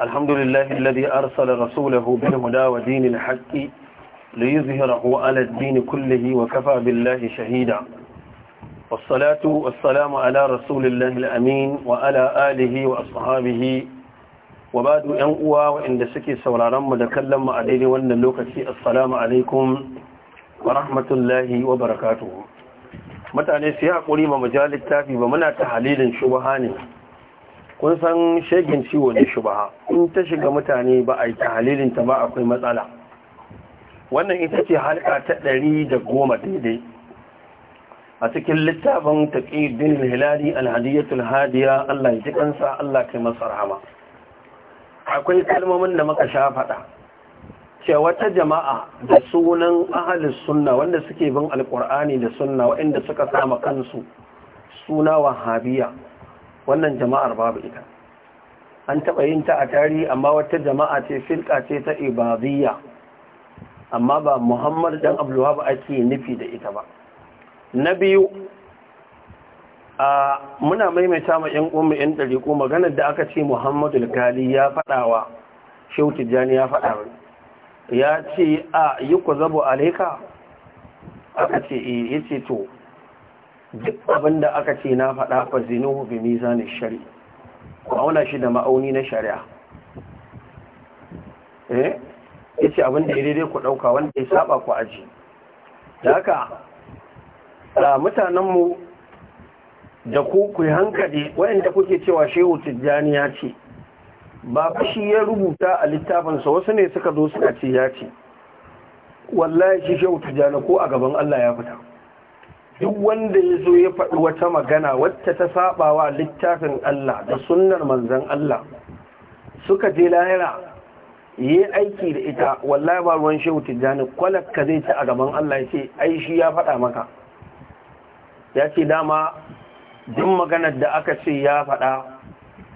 الحمد لله الذي أرسل رسوله بالهدى ودين الحق ليظهره على الدين كله وكفى بالله شهيدا والصلاة والسلام على رسول الله الأمين وعلى آله وأصحابه وبعد أنقوى وإن دسكي سورارم ودكلم عليه وأن اللوكتي السلام عليكم ورحمة الله وبركاته متى نسيح قولي ما مجال التافي ومنع تحليل شبهاني kun san shegin ciwo ne shubaha in ta shiga mutane ba a yi tahalilin ta ba akwai matsala wannan ita ce halka ta ɗari da goma daidai a cikin littafin taƙi din hilali alhadiyatul hadiya Allah ya ji kansa Allah kai masa rahama akwai kalmomin da muka sha faɗa ce wata jama'a da sunan ahalis sunna wanda suke bin alƙur'ani da sunna waɗanda suka sama kansu suna wahabiya wannan jama'ar babu ita an taɓa yin ta a tarihi amma wata jama'a ce filka ce ta ibadiyya amma ba muhammad dan abdullahi ake nufi da ita ba na biyu a muna maimaita ma yan umma yan dariƙo maganar da aka ce muhammadu Gali ya faɗawa shehu tijjani ya faɗawa ya ce a yi ku zabo alaika aka ce eh, ya ce to duk abin da aka ce na faɗa fa zinuhu bi mizanin shari auna shi da ma'auni na shari'a eh yace abin da daidai ku dauka wanda ya saba ku aji da haka da mutanen mu da ku ku hankali wayanda kuke cewa shehu tijjani ya ce ba shi ya rubuta a littafinsa wasu ne suka zo suka ce ya ce wallahi shi shehu tijjani ko a gaban Allah ya fita duk wanda ya zo ya faɗi wata magana wacce ta saba wa littafin Allah da sunnar manzan Allah suka je lahira yi aiki da ita wallahi ba ruwan shehu tijjani kwalakka zai ci a gaban Allah ya ce ai shi ya faɗa maka ya ce dama duk maganar da aka ce ya faɗa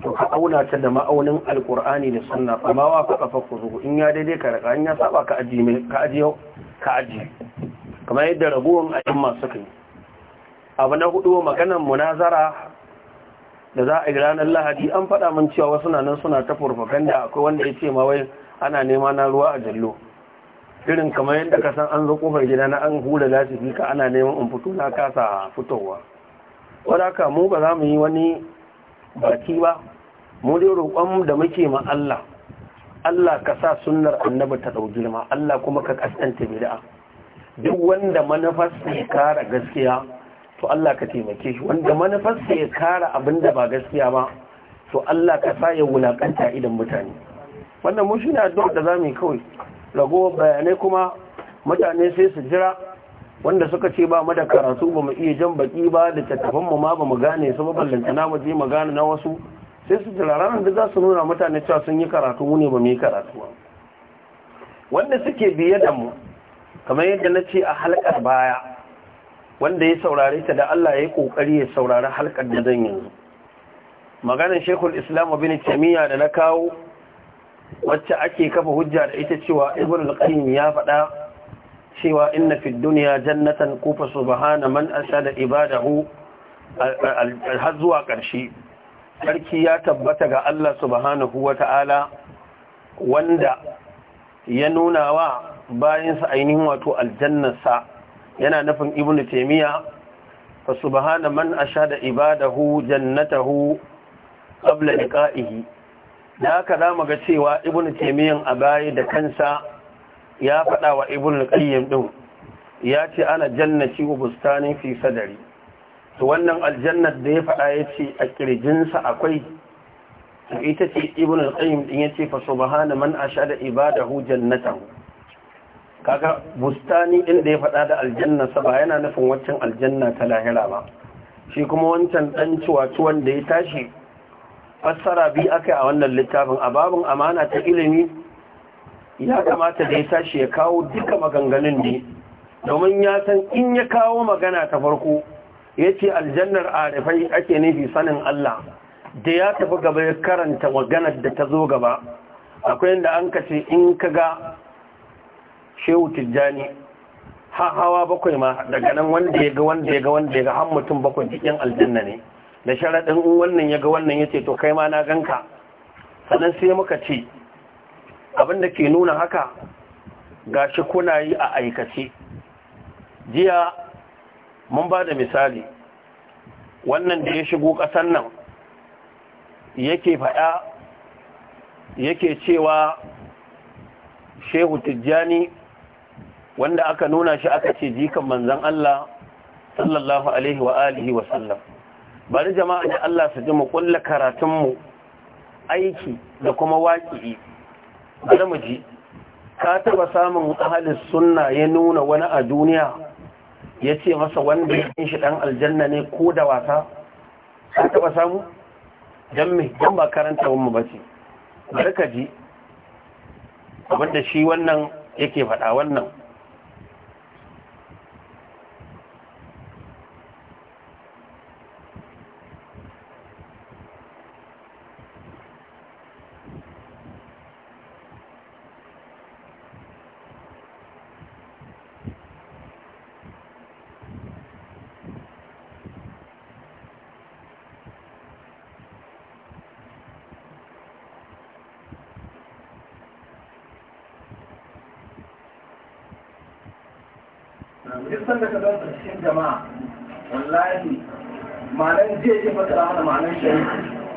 to ka auna ta da ma'aunin alkur'ani da sunna amma wa ka kafa ku in ya daidai ka raka in ya saba ka aji ka aji kamar yadda ragowar ayyuma suka yi abu na hudu maganan munazara da za a yi ranar lahadi an faɗa min cewa wasu na nan suna ta furfaganda akwai wanda ya ce ma ana nema na ruwa a jallo irin kamar yadda ka san an zo kofar gida na an hula lasifi ka ana neman in fito na kasa fitowa wadaka mu ba za mu yi wani baki ba mu dai roƙon da muke ma Allah Allah ka sa sunnar annabi ta dau girma Allah kuma ka kaskanta bid'a duk wanda manufarsa ya kara gaskiya to Allah ka taimake shi wanda manufarsa ya kara abin da ba gaskiya ba to Allah ka sa ya wulakanta idan mutane wannan mun shine addu'ar da zamu yi kawai rago bayanai kuma mutane sai su jira wanda suka ce ba mu da karatu ba mu iya jan baki ba da tattafan mu ma ba mu gane su ba ballanta na waje mu gane na wasu sai su jira ranar da za su nuna mutane cewa sun yi karatu mu ne ba mu yi karatu ba wanda suke biye da mu kamar yadda na ce a halkar baya wanda ya saurare ta da Allah ya yi ƙoƙari ya saurari halkar da zan yanzu Maganin shekul islam abin tamiya da na kawo wacce ake kafa hujja da ita cewa ibn al-qayyim ya faɗa cewa inna fid dunya jannatan kufa subhana man asada ibadahu har zuwa ƙarshe sarki ya tabbata ga Allah subhanahu wata'ala wanda ya nuna wa bayansa ainihin wato aljannarsa yana nufin ibn taymiya fa subhana man ashada ibadahu jannatahu qabla liqa'ihi da haka zamu ga cewa ibn taymiyan a baya da kansa ya faɗawa wa ibnu qayyim din ya ce ana jannati wa bustani fi sadari to wannan aljannat da ya faɗa yace a sa akwai ita ce ibnu qayyim din yace fa subhana man ashada ibadahu jannatahu kaga bustani din da ya faɗa da aljanna ba yana nufin waccan aljanna ta lahira ba shi kuma wancan dan ciwaci da ya tashi fassara bi akai a wannan littafin a babun amana ta ilimi ya kamata da ya tashi ya kawo duka maganganun ne domin ya san in ya kawo magana ta farko ya ce aljannar arifai ake nufi sanin Allah da ya tafi gaba ya karanta maganar da ta zo gaba akwai inda an kace in ka ga shehu tijjani ha hawa bakwai ma daga nan wanda ya ga wanda ya ga wanda ya ga har mutum bakwai cikin aljanna ne da sharaɗin in wannan ya ga wannan ya ce to kai ma na ganka sannan sai muka ce abin da ke nuna haka gashi kuna yi a aikace jiya mun ba da misali wannan da ya shigo ƙasar nan yake faɗa yake cewa shehu tijjani wanda aka nuna shi aka ce jikan manzan Allah sallallahu alaihi wa alihi wa sallam bari jama'a ne Allah su ji mu kulla karatun mu aiki da kuma waƙi bari mu ji ka taba samun ahalin sunna ya nuna wani a duniya ya ce masa wanda ya shi dan aljanna ne ko da wasa ka taba samu dan me dan ba karanta mu bace bari ka ji abinda shi wannan yake faɗa wannan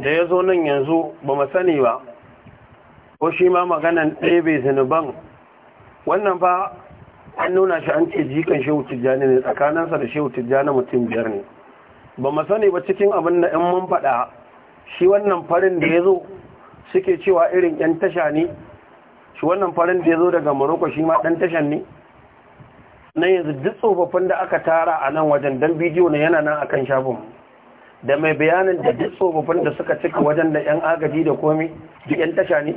da ya zo nan yanzu ba mu sani ba ko shi ma maganan ɗebe zunuban wannan ba an nuna shi an ce jikan shehu tijjani ne tsakaninsa da shehu tijjani mutum biyar ne ba mu sani ba cikin abin da in mun faɗa shi wannan farin da ya zo suke cewa irin 'yan tasha ne shi wannan farin da ya zo daga maroko shi ma ɗan tashan ne na yanzu duk tsofaffin da aka tara a nan wajen don bidiyo na yana nan akan shafin da mai bayanin da duk tsofaffin da suka cika wajen da 'yan agaji da komi duk 'yan tasha ne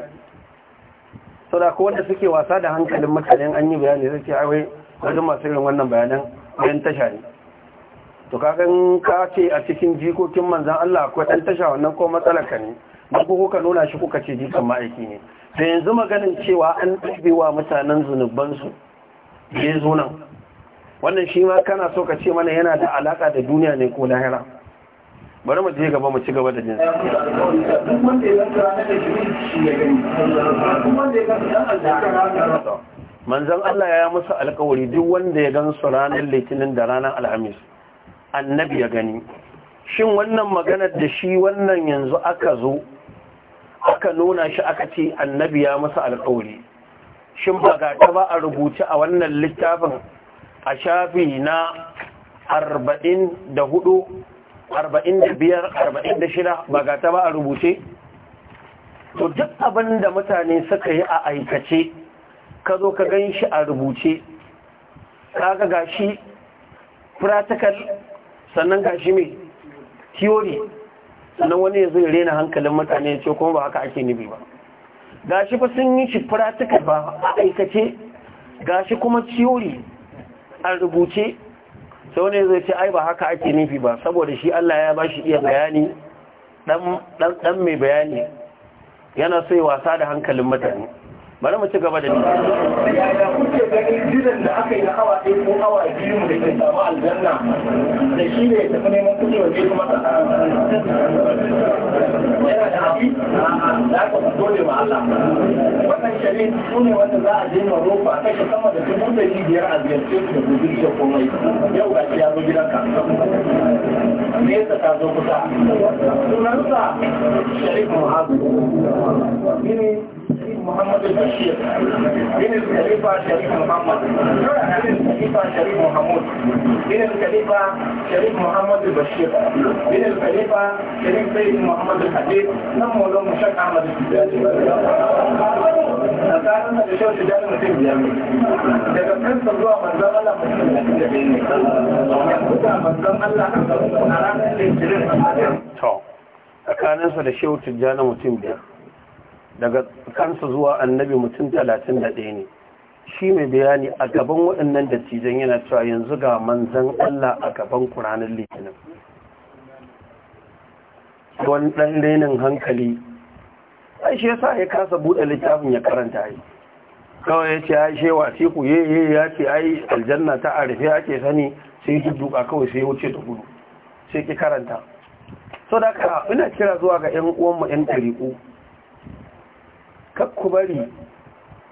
saboda ko wanda suke wasa da hankalin mutane an yi bayani zai ce awai wajen masu irin wannan bayanan 'yan tasha ne to kakan ka ce a cikin jikokin manzan Allah akwai ɗan tasha wannan ko matsalar ka ne don ko kuka nuna shi kuka ce jikan ma'aiki ne da yanzu maganin cewa an wa mutanen zunubansu ya zo nan wannan shi ma kana so ka ce mana yana da alaƙa da duniya ne ko lahira bari mu je gaba mu ci gaba da jin manzon Allah ya musu alkawari duk wanda ya gan su ranar litinin da ranar alhamis annabi ya gani shin wannan maganar da shi wannan yanzu aka zo aka nuna shi aka ce annabi ya musu alkawari shin ba ga ta ba a rubuce a wannan littafin a shafi na arba'in da hudu da shida ba ga ta ba a rubuce to duk abin da mutane suka yi a aikace ka zo ka gan shi a rubuce ka ga gashi practical sannan gashi mai theory sannan wani ya zai rena hankalin mutane ya ce kuma ba haka ake bi ba gashi ba sun yi shi practical ba a aikace gashi kuma theory a rubuce sau ne zai ce ai ba haka ake nufi ba saboda shi Allah ya ba shi iya bayani dan mai bayani yana so wasa da hankalin mutane bari mu ci gaba da nisa yaya kuke ganin gidan da aka yi awa ɗaya ko awa biyu da ke samu aljanna da shi ne tafi neman kuɗi waje kuma ta yana da hafi da aka dole ma Allah wannan shirin su ne wanda za a je Maroko a kashe sama da dubu da biyar a biyar su da gobe da komai yau ga shi ya zo gidan Me yasa ta zo kusa sunansa Sharif Muhammad محمد البشير بين الخليفة شريف محمد بين الخليفة شريف محمود بين الخليفة شريف محمد البشير بين الخليفة شريف سيد محمد الحديد نمو له مشاك أحمد tsakanin da shan shi jami'in mutum biyar ne daga kansa zuwa manzan Allah mutum da shi da bai ne da manzan Allah a ranar da jirin tsakaninsa da shehu tijjana mutum biyar daga kansa zuwa annabi mutum talatin da ɗaya ne shi mai bayani a gaban waɗannan dattijan yana cewa yanzu ga manzan Allah a gaban ƙuranin litinin Don ɗan renin hankali ai shi yasa ya kasa buɗe littafin ya karanta yi kawai ya ce ai shewa teku ye ye ya ce ai aljanna ta arife ake sani sai shi duka kawai sai wuce ta gudu sai ki karanta so da ina kira zuwa ga 'yan uwanmu 'yan ɗariƙu kakku bari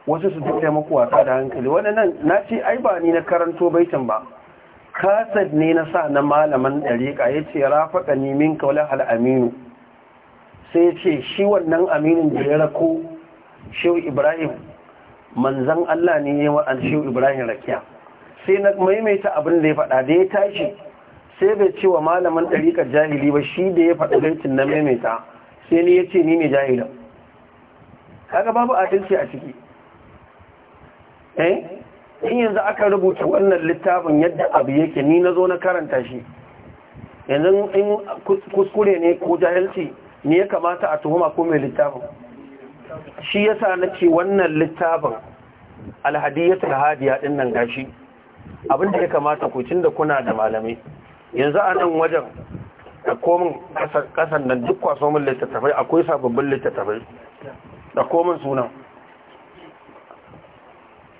wasu su tafiya maku wasa da hankali waɗannan na ce ai ba ni na karanto baitin ba kasad ne na sa na malaman ɗariƙa ya ce rafaƙa nemin kaular al'aminu sai ce shi wannan aminin da ya rako shehu ibrahim manzan allah ne ya wa'an shehu ibrahim rakiya sai na maimaita abin da ya faɗa da ya tashi sai bai cewa malaman ɗariƙar jahili ba shi da ya faɗa baitin na maimaita sai ni ya ce ni ne jahilin kaga babu adalci a ciki eh in yanzu aka rubuta wannan littafin yadda abu yake ni na na karanta shi yanzu in kuskure ne ko jahilci ne ya kamata a tuhuma ko mai littafin shi yasa na wannan littafin alhadiyatul hadiya din nan gashi abinda ya kamata ku tunda kuna da malami. yanzu a nan wajen da komin kasan nan duk kwaso min littattafai akwai sababbin littattafai da komin sunan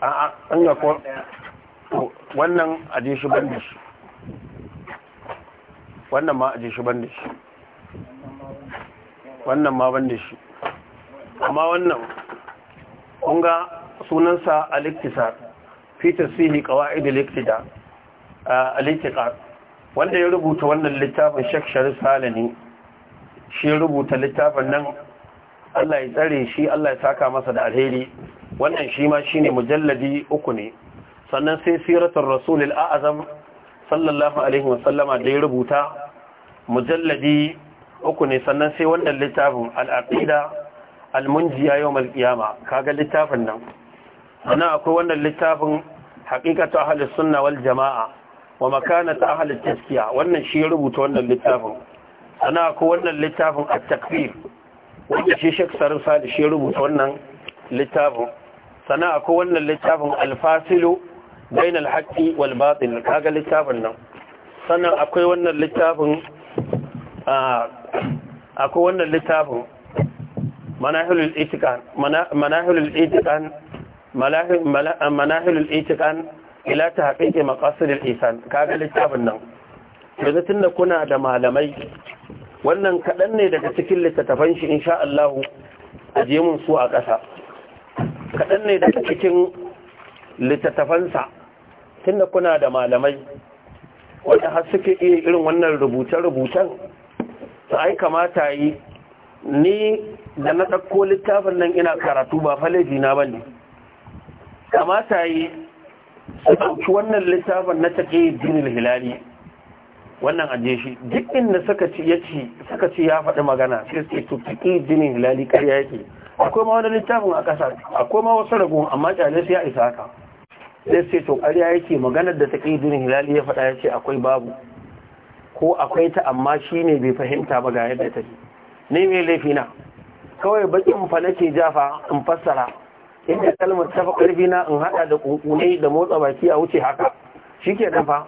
a an ga ko wannan aje shi ban da shi wannan ma aje shi ban da shi wannan ma ban da shi amma wannan kunga sunansa al fitar sihi tasihi a al likita, a likita. wanda ya rubuta wannan littafin Sheikh Sharif Salani shi rubuta littafin nan Allah ya tsare shi Allah ya saka masa da alheri wannan shi ma shi ne mujalladi uku ne sannan sai siratul rasulil a'azam sallallahu alaihi wa sallama da ya rubuta mujalladi uku ne sannan sai wannan littafin al almunjiya al-munjiya yawm al-qiyama kaga littafin nan Sannan akwai wannan littafin haqiqatu ahli sunna wal jamaa wa makanatu ahli tazkiya wannan shi ya rubuta wannan littafin Sannan akwai wannan littafin at-takfir wanda shi shek sarin sadi shi rubuta wannan littafin sana akwai wannan littafin alfasilu bain alhaqi wal batil kaga littafin nan sannan akwai wannan littafin a akwai wannan littafin manahilul itikan manahilul itikan manahilul itikan ila tahqiqi maqasid al-ihsan kaga littafin nan yanzu tunda kuna da malamai wannan kaɗan ne daga cikin littattafan shi insha Allah a mun su a ƙasa kaɗan ne daga cikin littattafansa tunda kuna da malamai wanda har suke iya irin wannan rubuce-rubucen ta ai kamata yi ni da na ɗauko littafin nan ina karatu ba falaji na ba ne kamata yi su ɗauki wannan littafin na take jinin hilali wannan aje shi duk inda suka ci ya ci suka ci ya faɗi magana sai su to jinin hilali ƙarya yake akwai ma wani littafin a ƙasa akwai ma wasu ragu amma ƙyale sai ya isa haka sai sai to ƙarya yake maganar da ta ƙi jinin hilali ya faɗa ya ce akwai babu ko akwai ta amma shi ne bai fahimta ba ga yadda ta ni mai laifi na kawai bakin fa nake jafa in fassara In da kalmar tafa ƙarfi na in haɗa da ƙunƙunai da motsa baki a wuce haka shi ke fa.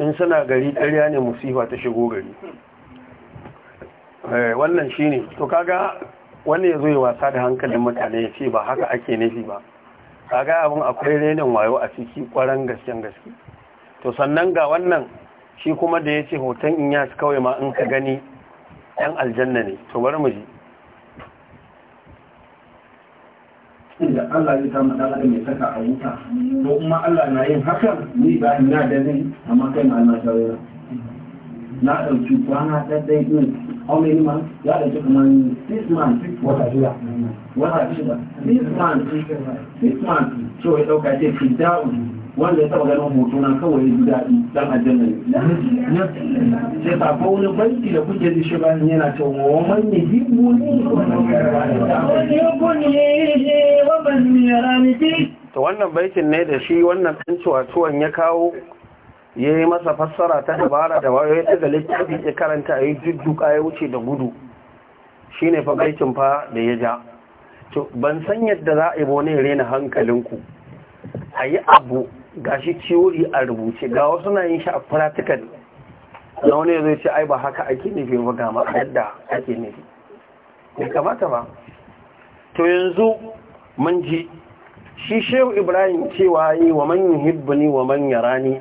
in suna gari ƙarya ne musifa ta shigo gari eh, wannan shi ne to kaga wani ya zo ya wasa da hankalin mutane ya ce ba haka ake nufi ba kaga abin akwai renin wayo a ciki kwaran gasken gaske to sannan ga wannan shi kuma da ya ce hoton in ya su kawai ma in ka gani ɗan aljanna ne to bari mu ji inda Allah ya samu dan adam ya saka a wuta ko kuma Allah na yin hakan ni ba ina da ni amma kai ma na shawara na dauki kwana dai din how many months ya dauki kaman 6 months wata shida wata shida 6 months 6 months so ya dauka ce fida'u wanda ya taba ganin hoto na kawai ya ji daɗi dan aljanna ne sai ta ko wani banki da kuke ji shi bayan yana cewa wa man yuhibbu ni wa to wannan baitin ne da shi wannan dan ciwatuwan ya kawo ya yi masa fassara ta dabara da wayo ya daga littafi ya karanta a yi jujjuka ya wuce da gudu ne fa baitin fa da ya ja ban san yadda za a yi bone rena hankalinku a yi abu gashi ciwuri a rubuce ga wasu na yin shi a practical na wani zai ce ai ba haka ake nufi ba ga ma yadda ake nufi bai kamata ba to yanzu mun ji shi shehu ibrahim cewa yi wa manyan yuhibbuni wa manyan rani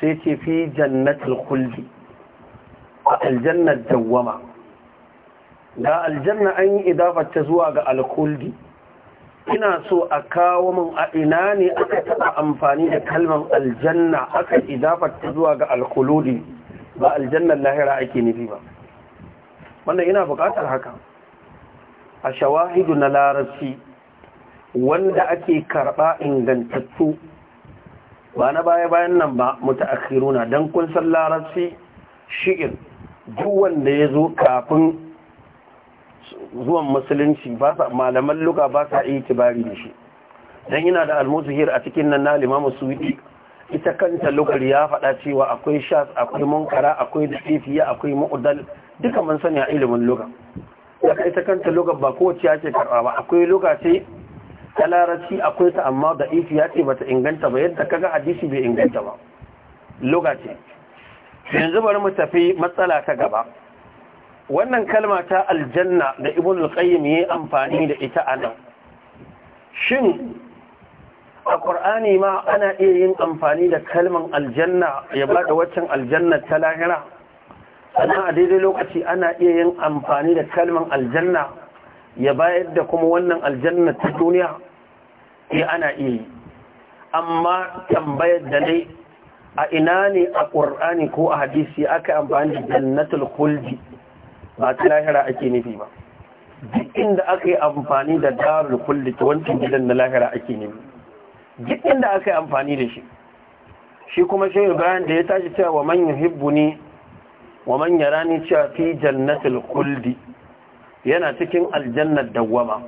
sai ce fi jannatul kulli a aljannar dawwama da aljanna an yi idafata zuwa ga alkuldi ina so a kawo min a ina ne aka taɓa amfani da kalmar aljanna aka idafar ta zuwa ga alkuludi ba aljannan lahira ake nufi ba wannan ina buƙatar haka a shawahidu na larabci wanda ake karɓa ingantattu ba na baya-bayan nan ba akhiruna don kun san larabci shi'ir duk wanda ya zo kafin zuwan musulunci ba sa malaman luga ba sa yi kibari da shi dan yana da almuzuhir a cikin nan na limamu suwidi ita kanta lugar ya faɗa cewa akwai shas akwai munkara akwai dafifiya akwai mu'udal duka mun sani a ilimin luga daga ita kanta lugar ba kowace ya ce karɓa ba akwai luga ce ta larabci akwai ta amma da ifi ce bata inganta ba yadda kaga hadisi bai inganta ba luga ce yanzu bari mu tafi matsala ta gaba wannan kalma ta aljanna da ibn al-qayyim yayi amfani da ita anan shin a qur'ani ma ana iya yin amfani da kalman aljanna ya bada waccan aljanna ta lahira sannan a daidai lokaci ana iya yin amfani da kalman aljanna ya bayar da kuma wannan aljanna ta duniya ya eh, ana iya yi amma tambayar da ne a ina ne a ƙur'ani ko a hadisi aka amfani da jannatul khuldi ba ta lahira ake nufi ba duk inda aka yi amfani da darul kulli ta wancan gidan na lahira ake nufi duk inda aka yi amfani da shi shi kuma shi bayan da ya tashi cewa wa man yuhibbu ni wa man yarani cewa fi jannatil kulli yana cikin aljannar dawwama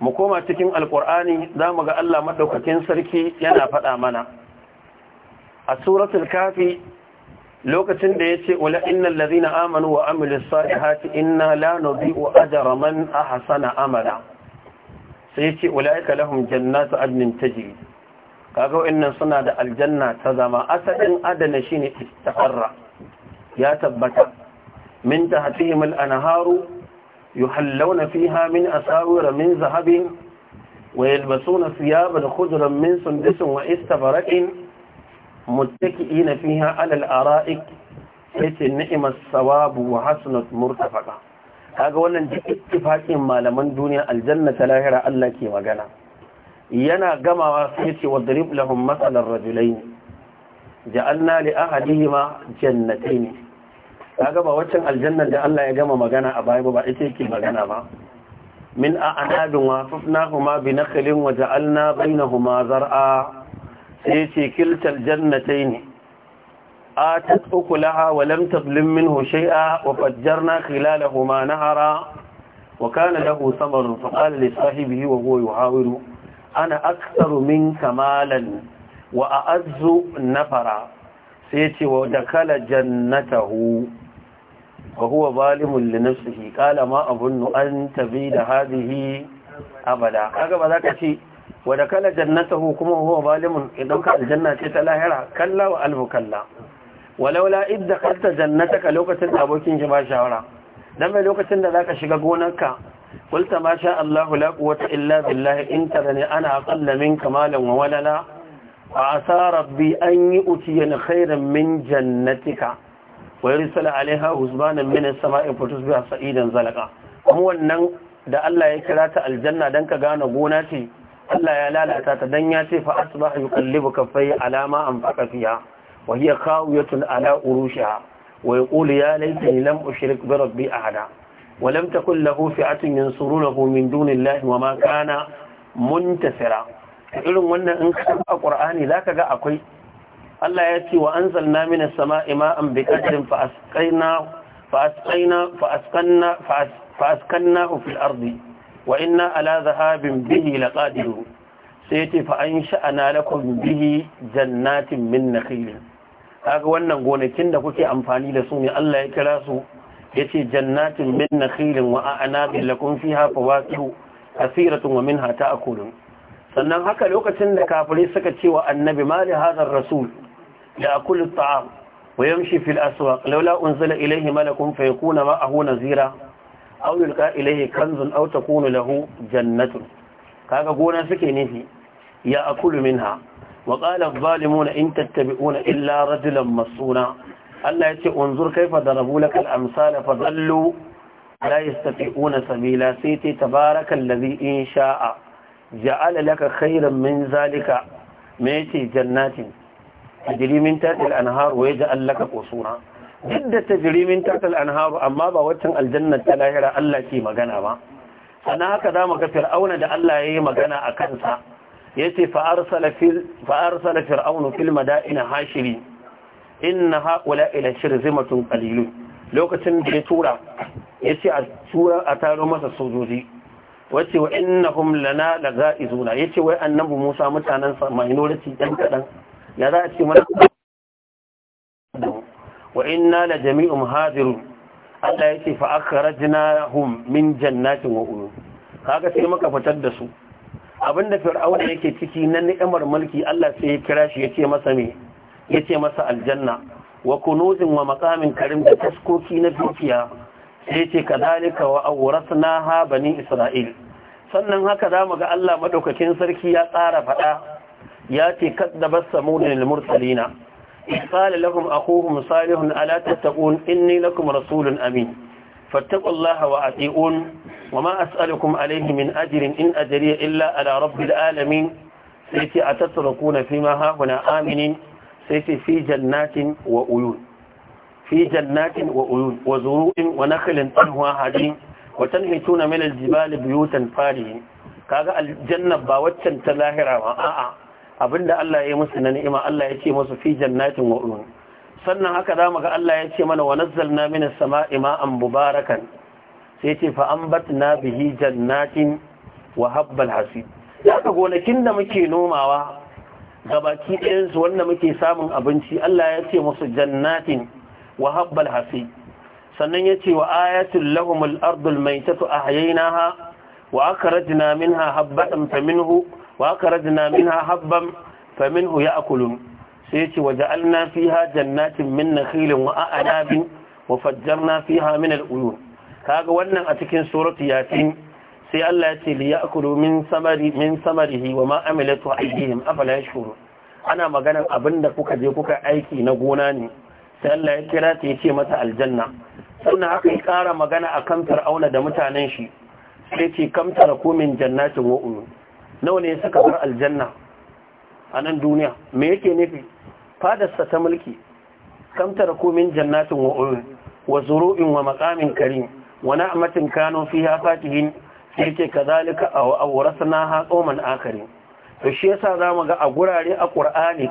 mu koma cikin alqur'ani zamu ga Allah madaukakin sarki yana faɗa mana a suratul kafi lokacin da ya ce wala innan ladhina amanu wa amilus salihati inna la wa ajara man hasana amara sai ya ce yace ulaika janna ta adnin jiri kaga wayannan suna da aljanna ta zama asalin adana shi shine istaqarra ya tabbata min ta tahtihim yi anharu fi hamin min asawir min zahabin na siya ويلبسون ثيابا خضرا من wa istabara'in muttaki'ina fiha alal ara'ik yace ni'mas sawabu wa hasanat murtafaqa kaga wannan duk ittifaqin malaman duniya aljanna ta lahira Allah ke magana yana gamawa sai yace wadrib lahum masalan rajulain ja'alna li ahadihima jannatayn kaga ba waccan aljannar da Allah ya gama magana a baya ba ita yake magana ba min a'nabin wa fafnahuma bi nakhlin wa ja'alna bainahuma zar'a sai ce kiltar jannatai ne a ta uku laha wa lam tazlim minhu shay'a wa fajjarna khilalahuma wa kana lahu samarun fa qala li wa huwa yuhawiru ana aktsaru min malan wa a'azzu nafara sai ce wa dakala jannatahu وهو ظالم لنفسه da ما da أن abada. هذه أبدا za ka شيء wa da kala jannata kuma huwa zalimun idan ka aljanna ce ta lahira kalla wa albu kalla walaula idda kalta jannataka lokacin da abokin ki ba shawara dan mai lokacin da zaka shiga gonarka kulta ma sha Allahu la quwwata illa billah in tarani ana aqalla minka malan wa walala fa asa rabbi an yu'tiyani khairan min jannatika wa yursala alaiha uzbanan min as-sama'i fatusbiha sa'idan zalqa kuma wannan da Allah ya kira ta aljanna dan ka gane gona ce Allah ya lalata ta dan ya ce fa asbaha yuqallibu kaffai alama anfaqa fiha wa hiya khawiyatun ala urushiha wa yaqulu ya laitani lam ushrik bi rabbi ahada wa lam takul lahu fi'atun yansurunahu min dunillahi wa ma kana muntasira irin wannan in ka a qur'ani zaka ga akwai Allah ya ce wa anzalna minas sama'i ma'an bi qadrin fa asqayna fa asqayna fa asqanna fa asqanna fil ardi wa inna ala zahabin bihi laqadiru sai yace fa an ana lakum bihi jannatin min nakhil kaga wannan gonakin da kuke amfani da su ne Allah ya kira su yace jannatin min nakhil wa a'nabin lakum fiha fawakihu kasiratun wa minha ta'kulun sannan haka lokacin da kafirai suka ce wa annabi ma li hadha ar-rasul ya'kulu at-ta'am wa yamshi fil aswaq laula unzila ilayhi malakun fayakuna ma'ahu nazira aw yulqa ilayhi kanzun aw takunu lahu jannatun kaga gona suke nufi ya akulu minha wa qala adh-dhalimuna in tattabi'una illa rajulan masuna Allah yace unzur kaifa darabu lakal amsala fadallu la yastati'una sabila sayti tabarakal ladhi in sha'a ja'ala laka khayran min zalika ce jannatin tajri min tahtiha al-anhar wa yaj'al laka duk da tajirimin an anharu amma ba waccan aljannar ta lahira Allah ke magana ba sannan haka za mu ga fir'auna da Allah ya yi magana a kansa ya ce fa'arsala fir'aunu fil mada'ina hashiri inna haƙula ila shirzimatun ƙalilu lokacin da ya tura ya ce a tura a taro masa sojoji wace wa inna lana da za'izuna ya ce wai annabu musa mutanen minority ɗan kaɗan ya za a ce mana wa inna la jami'un hadirun Allah yake ce fa akhrajnahum min jannatin wa uyun kaga sai muka fitar da su abinda fir'auna yake ciki na ni'imar mulki Allah sai ya kira shi yace masa me yace masa aljanna wa kunuzin wa maqamin karim da taskoki na dukiya sai yace kadalika wa awrasnaha bani isra'il sannan haka za mu ga Allah madaukakin sarki ya tsara fada ya ce kaddabat samudin al mursalina قال لهم أخوهم صالح ألا تتقون إني لكم رسول أمين فاتقوا الله وأطيعون وما أسألكم عليه من أجر إن أجري إلا على رب العالمين سيتي أتتركون فيما هاهنا آمنين سيتي في جنات وأيون في جنات وأيون وزروع ونخل طنها حديم وتنهتون من الجبال بيوتا فارهين كاغا الجنة باوتا تلاهرة وآآ Abin da Allah ya musu na ni'ima Allah ya ce musu fi jannatin wa sannan haka zamu ga Allah ya ce mana wa nazzalna minas sama'i ma'an mubarakan sai ce fa ambatna bihi jannatin wa habbal hasid haka gonakin da muke nomawa gabaki ɗayansu wanda muke samun abinci Allah ya ce musu jannatin wa habbal hasid sannan ya ce wa ayatul lahumul ardul maitatu ahyaynaha wa akhrajna minha habbatan faminhu wa akhrajna minha habban faminhu ya'kulun sai ce waja'alna fiha jannatin min nakhilin wa a'nabin wa fajjarna fiha min al-uyun kaga wannan a cikin suratu yasin sai Allah ya ce li ya'kulu min samari min samarihi wa ma amilatu aydihim afala yashkurun ana maganan abinda kuka je kuka aiki na gona ne sai Allah ya kira ta yace mata aljanna sannan haka kara magana akan fir'auna da mutanen shi sai ce kam ko min jannatin wa nawa ne suka bar aljanna a nan duniya me yake nufi fadarsa ta mulki Kamtar komin jannatin wa wa zuru'in wa maqamin karim wa na'matin kanu fiha fatihin sai ce kazalika aw awrasnaha qauman akharin to shi yasa zamu ga a gurare a Qur'ani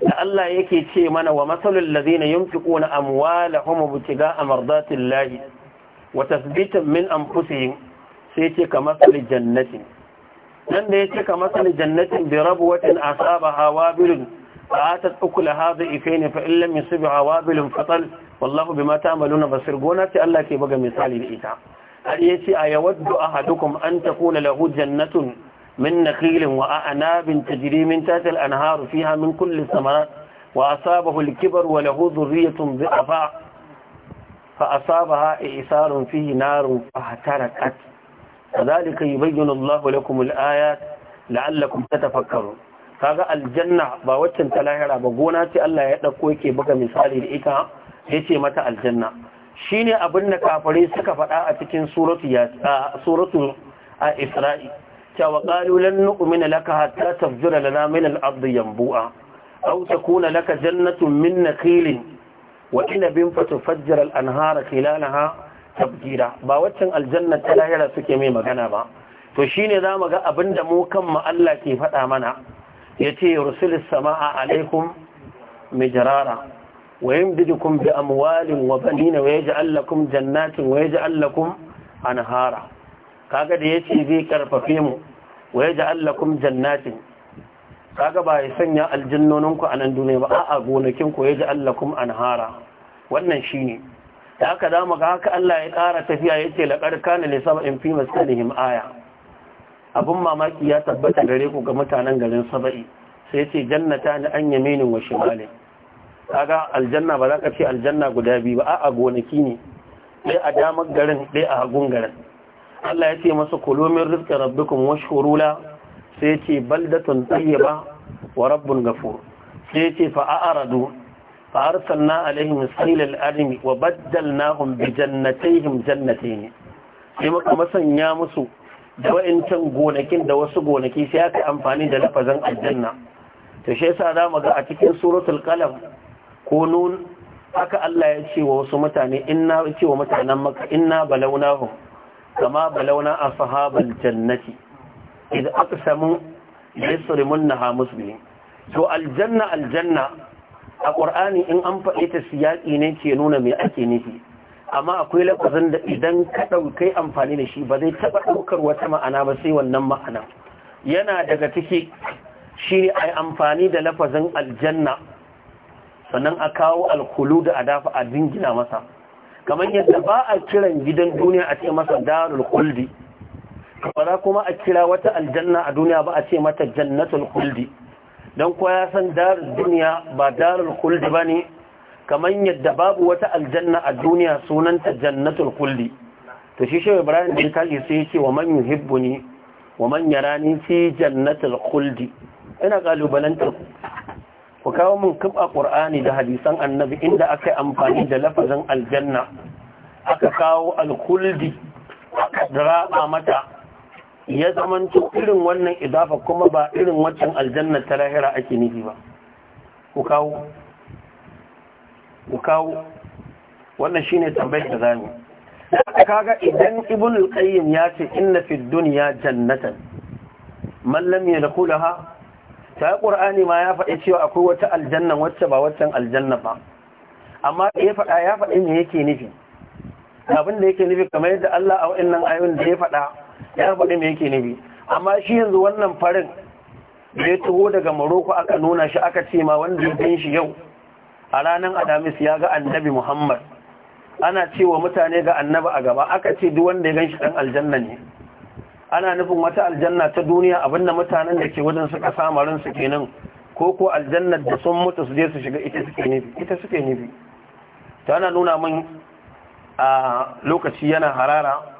da Allah yake ce mana wa masalul ladina yunfiquna amwalahum ibtiga'a mardatillahi wa tathbitan min anfusihim sai ce kamasalil jannatin nan da ya cika masal jannatin bi rabwatin asabaha wabilun fa'atat ukulaha dha'ifain fa in lam yusibha wabilun fatal wallahu bima ta'maluna basir gona ce Allah ke buga misali da ita har yace ayawaddu ahadukum an takuna lahu jannatun min nakhilin wa a'nabin tajri min tahtiha al-anharu fiha min kulli thamarat wa asabahu al-kibar wa lahu dhurriyyatun dhafa fa asabaha isarun fihi narun fahtarakat kazalika yubayyinu Allahu lakum al-ayat la'allakum kaga aljanna ba waccan ta lahira ba gona ce Allah ya dauko yake buga misali da ita yace mata aljanna shine abin da kafirai suka faɗa a cikin suratu ya suratu a Isra'i cewa qalu lan nu'mina laka hatta tafjura lana min al ard yanbu'a aw takuna laka jannatun min nakhilin wa inabin fatufajjira al-anhara khilalaha tabgira ba waccan aljanna ta lahira suke mai magana ba to shine za mu ga abin da mu kan Allah ke faɗa mana ya ce rusulis sama'a alaikum mijrara wa yamdidukum bi amwalin wa banina wa yaj'al lakum jannatin wa yaj'al lakum anhara kaga da yace zai karfafe mu wa yaj'al lakum jannatin kaga ba ya sanya aljannoninku a nan duniya ba a'a gonakin ku ya ji anhara wannan shine da aka damu ga haka Allah ya ƙara tafiya ya ce laƙar kane ne saba'in fi masalihim aya abin mamaki ya tabbata gare ku ga mutanen garin saba'i sai ce jannata ni an yaminin wa shimali kaga aljanna ba za ka ce aljanna guda biyu ba a'a gonaki ne dai a damar garin dai a hagun garin Allah ya ce masa kulomin min rizqi rabbikum washkuru sai ce baldatun tayyiba wa rabbun ghafur sai ce fa fa arsalna alaihim sailal armi wa baddalnahum bi jannatayhim ne. sai muka masanya musu da wa'incan gonakin da wasu gonaki sai aka amfani da lafazin aljanna to shi yasa zamu ga a cikin suratul qalam ko nun haka Allah ya ce wa wasu mutane inna ce wa mutanen maka inna balawnahum kama balawna ashabal jannati idan aqsamu yasrimunha muslimin to aljanna aljanna a ƙur'ani in an faɗi ta siyaƙi ne ke nuna mai ake nufi amma akwai lafazin da idan ka ɗaukai amfani da shi ba zai taɓa ɗaukar wata ma'ana ba sai wannan ma'ana yana daga ciki shi ne a amfani da lafazin aljanna sannan a kawo alkulu da a dafa a dingina masa kamar yadda ba a kiran gidan duniya a ce masa darul kuldi za kuma a kira wata aljanna a duniya ba a ce mata jannatul kuldi don kuwa ya san darar duniya ba darar kuldi ba ne kamar yadda babu wata aljanna a duniya sunanta jannatul kuldi to shi shi ibrahim din kaji sai ce wa man yuhibbu ni wa man yarani fi jannatul kuldi ina kalubalantar ku ku kawo min kuma qur'ani da hadisan annabi inda aka yi amfani da lafazin aljanna aka kawo alkuldi da raba mata ya zamanto irin wannan idafa kuma ba irin waccan aljanna ta lahira ake nufi ba ku kawo ku kawo wannan shine tambayar da zamu kaga idan ibn al-qayyim ya ce inna fid dunya jannatan man lam yadkhulaha ta qur'ani ma ya faɗi cewa akwai wata aljanna wacce ba waccan aljanna ba amma ya faɗa ya faɗi me yake nufi abin da yake nufi kamar yadda Allah a wa'annan ayoyin da ya faɗa ya faɗi ne yake nufi amma shi yanzu wannan farin da ya taho daga maroko aka nuna shi aka ce ma wanda ya gan shi yau a ranar Alhamis ya ga Annabi Muhammad ana cewa mutane ga Annabi a gaba aka ce duk wanda ya gan shi ɗan aljanna ne ana nufin wata aljanna ta duniya abinda mutanen da ke wajen suka samarin su kenan ko ko aljannar da sun mutu su je su shiga ita suke nufi ita suke nufi ta ana nuna min a lokaci yana harara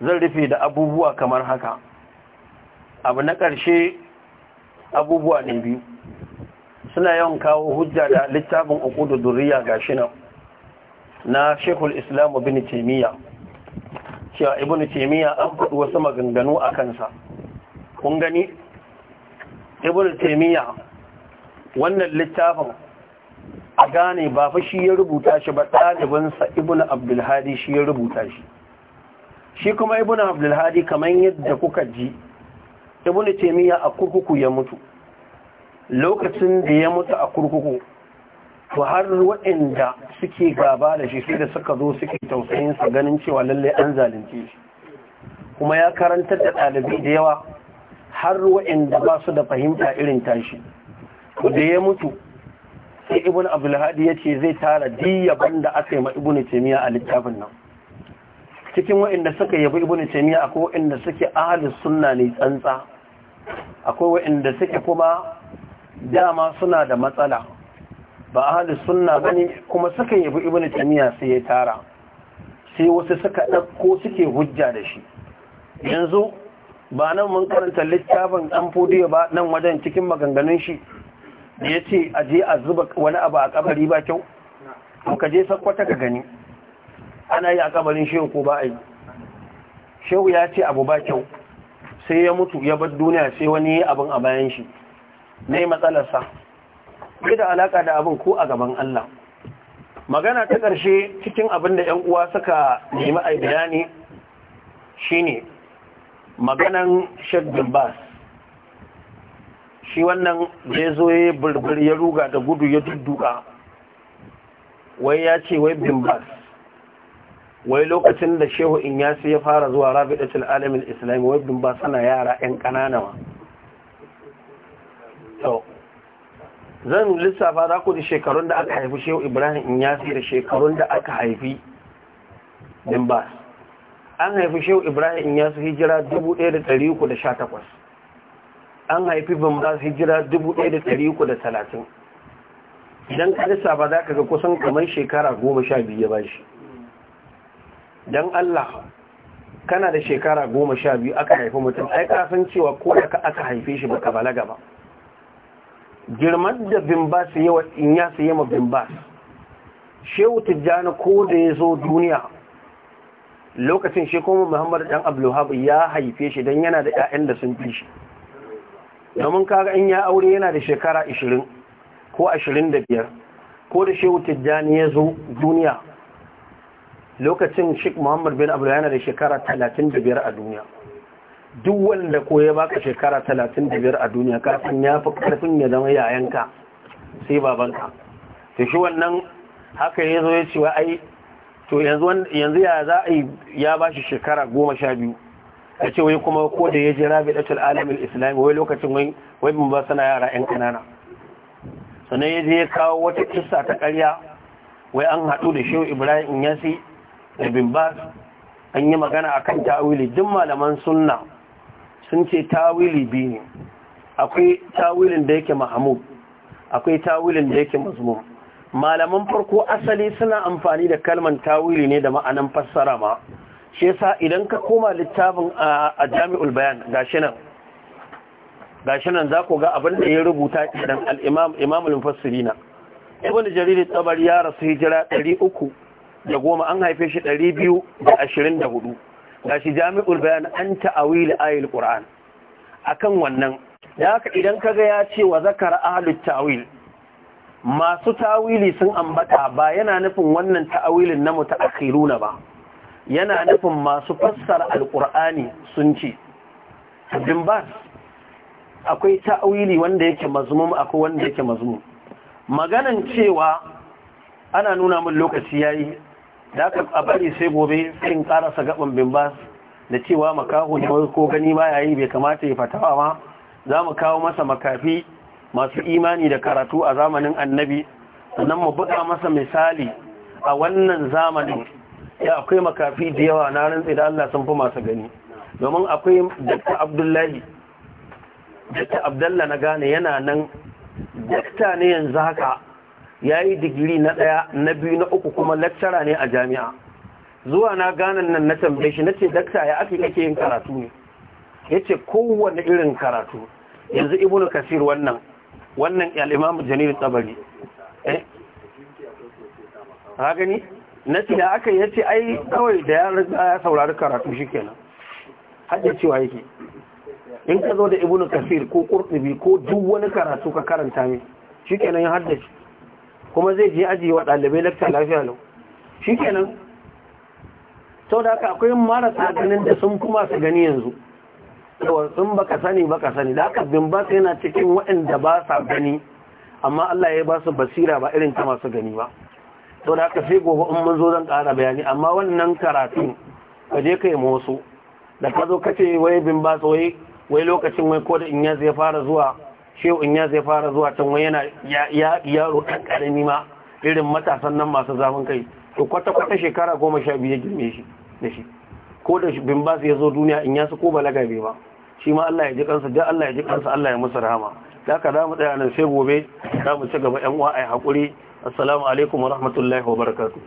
zan rufe da abubuwa kamar haka abu na ƙarshe abubuwa ne biyu suna yawan kawo hujja da littafin uku da duriya ga shi nan na shekul islamu bin taimiyya cewa ibn taimiyya an faɗi wasu maganganu a kansa kun gani ibn taimiyya wannan littafin a gane ba fa shi ya rubuta shi ba ɗalibinsa ibn abdulhadi shi ya rubuta shi shi kuma ibn abdulhadi Kaman yadda kuka ji ibn taymiya a kurkuku ya mutu lokacin da ya mutu a kurkuku to har waɗanda suke gaba da shi sai da suka zo suke tausayin tausayinsa ganin cewa lallai an zalunce shi kuma ya karantar da ɗalibi da yawa har waɗanda ba su da fahimta irin tashi to da ya mutu sai ibn abdulhadi ya ce zai tara diyaban da aka yi ma ibn taymiya a littafin nan cikin wa'inda suka yabi ibn taymiya akwai wa'inda suke ahlus sunna ne tsantsa akwai wa'inda suke kuma dama suna da matsala ba ahlus sunna bane kuma suka yabi ibn taymiya sai ya tara sai wasu suka ɗauko suke hujja da shi yanzu ba nan mun karanta littafin ɗan fodiyo ba nan wajen cikin maganganun shi da ya ce a zuba wani abu a kabari ba kyau to ka je sakwata ka gani ana yi a kabarin shehu ko ba a yi shehu ya ce abu ba kyau sai ya mutu ya bar duniya sai wani abin a bayan shi Na yi matsalarsa bai da alaka da abin ko a gaban Allah magana ta ƙarshe cikin abin da 'yan uwa suka nemi a bayani shine maganan shaddin bas shi wannan zai zo ya burbur ya ruga da gudu ya dudduka wai ya ce wai bin bas wai lokacin da shehu in yasi ya fara zuwa rabidatul alamin islami wai dun ba sana yara yan kanana ma to zan lissafa za ku da shekarun da aka haifi shehu ibrahim in yasi da shekarun da aka haifi din ba an haifi shehu ibrahim in yasi hijira 1318 an haifi bin ba hijira 1330 idan ka lissafa za ka ga kusan kamar shekara goma sha biyu ya ba shi don Allah kana da shekara goma sha biyu aka haifi mutum ai kasan cewa ko da aka haife shi baka balaga ba girman da bimbas wa in ya sayi ma bimbas shehu tijjani ko da ya zo duniya lokacin shi kuma muhammadu dan abdulhab ya haife shi don yana da 'ya'yan da sun fi shi domin kaga in ya aure yana da shekara ashirin ko biyar, ko da shehu tijjani ya zo duniya lokacin Sheikh Muhammad bin Abdul yana da shekara 35 a duniya duk wanda ko ya baka shekara 35 a duniya ka san fi karfin ya zama yayanka sai babanka to shi wannan haka yazo ya ce wa ai to yanzu yanzu ya za a ya bashi shekara 12 a ce wai kuma ko da ya ji rabi'atul alamin islam wai lokacin wai wai mun ba sana yara yan kanana sannan ya je ya kawo wata kissa ta ƙarya wai an haɗu da shehu ibrahim yasi ibn bin an yi magana akan tawili duk malaman sunna sun ce tawili biyu ne akwai tawilin da yake mahmud akwai tawilin da yake mazmum malaman farko asali suna amfani da kalman tawili ne da ma'anan fassara ma shi yasa idan ka koma littafin a jami'ul bayan gashi nan gashi nan za ku ga abin da ya rubuta idan al-imam imamul mufassirina ibn jarir tabari ya rasu hijira uku. da goma an haife shi ɗari biyu da ashirin da hudu ga shi jami'ul bayan an ta'awili ayil qur'an akan wannan da haka idan ka ga ya ce wa zakara ahlut ta'wil masu tawili sun ambata ba yana nufin wannan ta'awilin na mutaakhiruna ba yana nufin masu fassara alqur'ani sun ce bin ba akwai ta'awili wanda yake mazmum akwai wanda yake mazmum maganan cewa ana nuna min lokaci yayi da aka a bari sai gobe sai in karasa gaban bimbas da cewa makaho ne ko gani ba yayi bai kamata ya fatawa ma za mu kawo masa makafi masu imani da karatu a zamanin annabi sannan mu buga masa misali a wannan zamanin ya akwai makafi da yawa na rantsi da Allah sun fi masu gani domin akwai dakta abdullahi dakta Abdullahi na gane yana nan dakta ne yanzu haka ya yi digiri na ɗaya na biyu na uku kuma lakcara ne a jami'a zuwa na ganin nan na tambaye shi na ce dakta ya ake kake yin karatu ne ya ce kowane irin karatu yanzu ibnu kasir wannan wannan al'imamu janiru tsabari eh gani na ce da aka ya ce ai kawai da ya riga ya saurari karatu shi kenan hajjar cewa yake in ka zo da ibnu kasir ko kurtubi ko duk wani karatu ka karanta ne shi kenan ya haddace kuma zai je ajiye wa ɗalibai lakta lafiya lau shi kenan sau da aka akwai marasa ganin da sun kuma su gani yanzu yawan sun baka sani baka sani da aka ba sai yana cikin waɗanda ba sa gani amma Allah ya ba su basira ba irin ta masu gani ba sau da aka sai gobe in mun zan ƙara bayani amma wannan karatu ka je ka yi wasu da ka zo ka ce wai bimba wai lokacin wai ko da in ya fara zuwa shehu in ya zai fara zuwa can wani yana yaro ɗan ƙarami ma irin matasan nan masu zafin kai to kwata-kwata shekara goma sha biyu ya girme shi da shi ko da bin ya zo duniya in ya su ko balaga bai ba shi ma Allah ya ji kansa da Allah ya ji kansa Allah ya musu rahama da ka za mu tsaya nan sai gobe za mu ci gaba yan uwa ai hakuri assalamu alaikum wa rahmatullahi wa barakatuh